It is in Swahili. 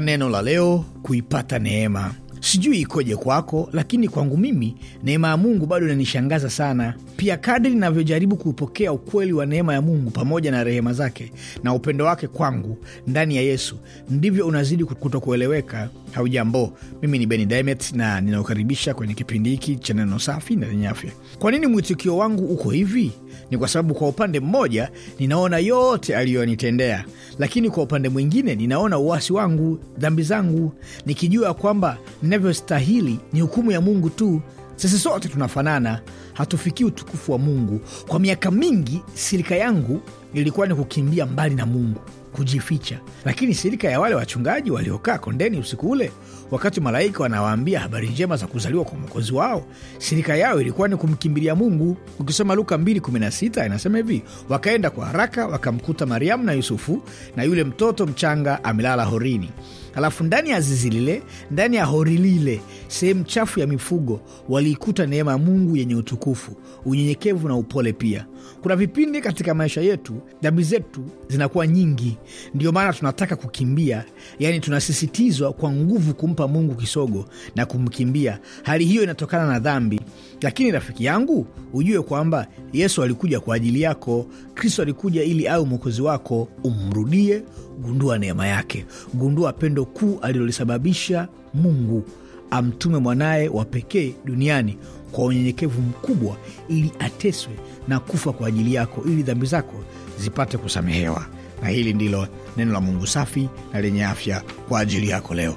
neno la leo, qui Patanema. Sijui ikoje kwako, lakini kwangu mimi neema ya Mungu bado inanishangaza sana. Pia kadri inavyojaribu kuupokea ukweli wa neema ya Mungu pamoja na rehema zake na upendo wake kwangu ndani ya Yesu, ndivyo unazidi kutokueleweka. Haujambo, mimi ni Beni Dimet na ninaokaribisha kwenye kipindi hiki cha neno safi na lenye afya. Kwa nini mwitikio wangu uko hivi? Ni kwa sababu kwa upande mmoja ninaona yote aliyonitendea, lakini kwa upande mwingine ninaona uwasi wangu, dhambi zangu, nikijua kwamba tunavyostahili ni hukumu ya Mungu tu. Sisi sote tunafanana, hatufikii utukufu wa Mungu. Kwa miaka mingi sirika yangu ilikuwa ni kukimbia mbali na Mungu kujificha. Lakini sirika ya wale wachungaji waliokaa kondeni usiku ule, wakati malaika wanawaambia habari njema za kuzaliwa kwa mwokozi wao, sirika yao ilikuwa ni kumkimbilia Mungu. Ukisoma Luka 2:16 inasema hivi, wakaenda kwa haraka wakamkuta Mariamu na Yusufu na yule mtoto mchanga amelala horini. Alafu ndani ya zizi lile, ndani ya hori lile sehemu chafu ya mifugo, waliikuta neema ya Mungu yenye utukufu, unyenyekevu na upole. Pia kuna vipindi katika maisha yetu dhambi zetu zinakuwa nyingi, ndiyo maana tunataka kukimbia, yaani tunasisitizwa kwa nguvu kumpa Mungu kisogo na kumkimbia. Hali hiyo inatokana na dhambi. Lakini rafiki yangu, ujue kwamba Yesu alikuja kwa ajili yako. Kristo alikuja ili awe mwokozi wako, umrudie. Gundua neema yake, gundua pendo kuu alilolisababisha Mungu amtume mwanaye wa pekee duniani kwa unyenyekevu mkubwa, ili ateswe na kufa kwa ajili yako, ili dhambi zako zipate kusamehewa. Na hili ndilo neno la Mungu safi na lenye afya kwa ajili yako leo.